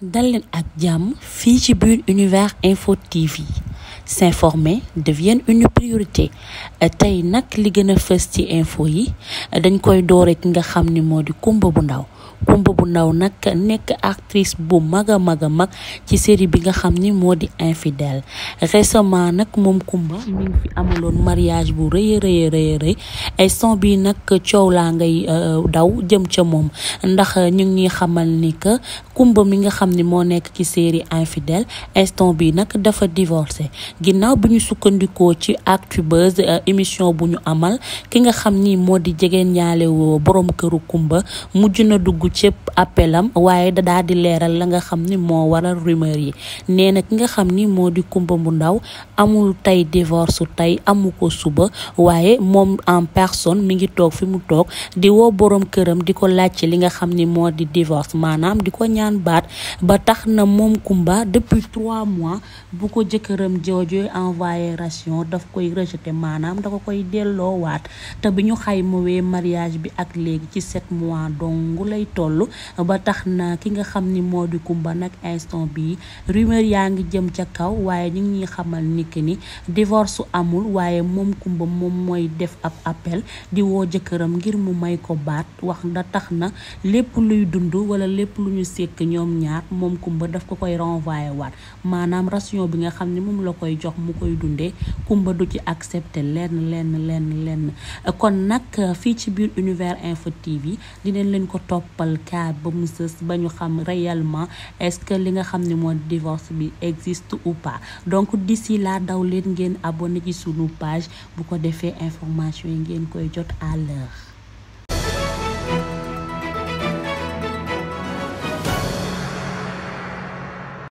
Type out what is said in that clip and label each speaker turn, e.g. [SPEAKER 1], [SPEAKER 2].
[SPEAKER 1] dal leen ak jàmm fii ci biir univers info TV s'informer devient une priorité tey nag li gën a fës ci info yi dañ koy doore nga xam ni moo di Kumba bu Ndaw Coumba bu Ndaw nag nekk actrice bu mag a mag a mag ci série bi nga xam ni moo di infidèle récemment nag moom Coumba mi mariage bu rëy a rëy nag coow laa euh, euh, daw jëm ca moom ndax ñu ngi xamal ni que Coumba mi nga xam ni moo nekk ci série infidèle instant bi nag dafa divorcé ginnaaw bi ñu sukkandikoo ci Actubuzz euh, émission bu ñu amal ki nga xam ni moo di jegeen ñaale woo borom këru Coumba mujj na dugg cëpp appel am waaye da daal di leeral la nga xam ni moo waral rumeur yi nee na ki nga xam ni moo di kumba bu ndaw amul tey divorce tey amu ko suba waaye moom en personne mu ngi toog fi mu toog di woo borom këram di ko laajte li nga xam ni moo di divorce maanaam di ko ñaan baat ba tax na moom kumba depuis trois mois bu ko jëkkëram jooju envoyé ration daf koy rejeté maanaam da ko koy delloowaat te bi ñu xaymawee mariage bi ak léegi ci sept mois dong lay toll ba tax na ki nga xam ni moo di Kumba nag instant bii rumeur yaa ngi jëm ca kaw waaye ñu ngi xamal ni ki ni divorce amul waaye moom Kumba moom mooy def ab appel di woo jëkkëram ngir mu may ko baat wax da tax na lépp luy dund wala lépp lu ñu sekk ñoom ñaar moom Kumba daf ko koy renvoyé waat maanaam ration bi nga xam ne moom la koy jox mu koy dundee Kumba du ci accepté lenn lenn lenn kon nag fii ci biir Univers Info TV dinañ leen ko toppal leeral ba mu sës ba ñu xam réellement est-ce que li nga xam ne moo divorce bi existe ou pas donc d'ici la daw leen ngeen abonné ci sunu page bu ko defee information yi ngeen koy jot à